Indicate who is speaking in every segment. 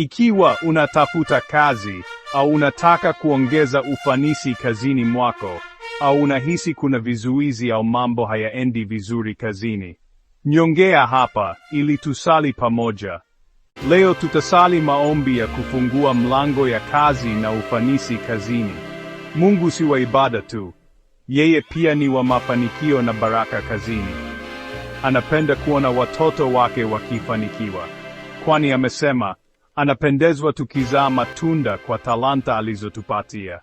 Speaker 1: Ikiwa unatafuta kazi au unataka kuongeza ufanisi kazini mwako au unahisi kuna vizuizi au mambo hayaendi vizuri kazini, nyongea hapa ili tusali pamoja. Leo tutasali maombi ya kufungua mlango ya kazi na ufanisi kazini. Mungu si wa ibada tu, yeye pia ni wa mafanikio na baraka kazini. Anapenda kuona watoto wake wakifanikiwa, kwani amesema anapendezwa tukizaa matunda kwa talanta alizotupatia.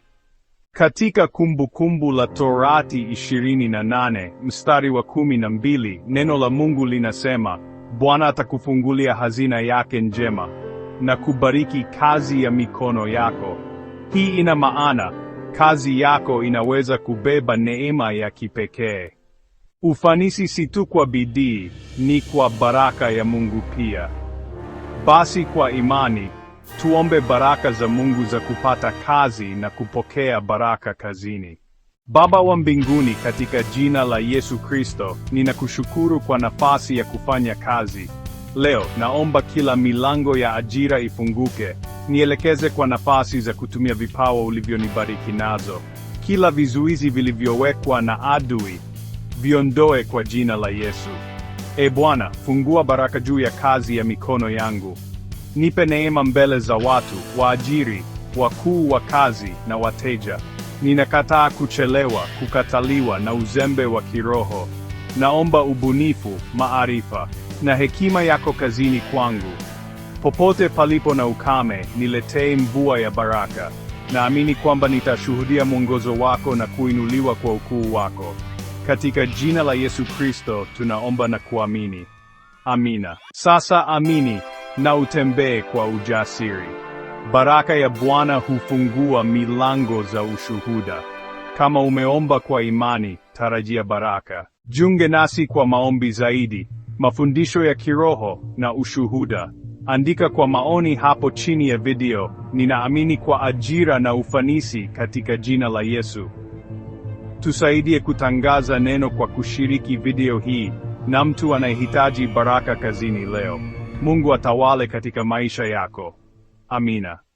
Speaker 1: Katika Kumbukumbu la Torati 28 mstari wa 12, neno la Mungu linasema, Bwana atakufungulia hazina yake njema na kubariki kazi ya mikono yako. Hii ina maana kazi yako inaweza kubeba neema ya kipekee. Ufanisi si tu kwa bidii, ni kwa baraka ya Mungu pia. Basi kwa imani tuombe baraka za Mungu za kupata kazi na kupokea baraka kazini. Baba wa mbinguni, katika jina la Yesu Kristo, ninakushukuru kwa nafasi ya kufanya kazi leo. Naomba kila milango ya ajira ifunguke, nielekeze kwa nafasi za kutumia vipawa ulivyonibariki nazo. Kila vizuizi vilivyowekwa na adui viondoe kwa jina la Yesu. E Bwana, fungua baraka juu ya kazi ya mikono yangu. Nipe neema mbele za watu, waajiri, wakuu wa kazi na wateja. Ninakataa kuchelewa, kukataliwa na uzembe wa kiroho. Naomba ubunifu, maarifa na hekima yako kazini kwangu. Popote palipo na ukame, niletee mvua ya baraka. Naamini kwamba nitashuhudia mwongozo wako na kuinuliwa kwa ukuu wako. Katika jina la Yesu Kristo tunaomba na kuamini. Amina. Sasa amini na utembee kwa ujasiri. Baraka ya Bwana hufungua milango za ushuhuda. Kama umeomba kwa imani, tarajia baraka. junge nasi kwa maombi zaidi, mafundisho ya kiroho na ushuhuda. Andika kwa maoni hapo chini ya video. Ninaamini kwa ajira na ufanisi katika jina la Yesu. Tusaidie kutangaza neno kwa kushiriki video hii na mtu anayehitaji baraka kazini leo. Mungu atawale katika maisha yako. Amina.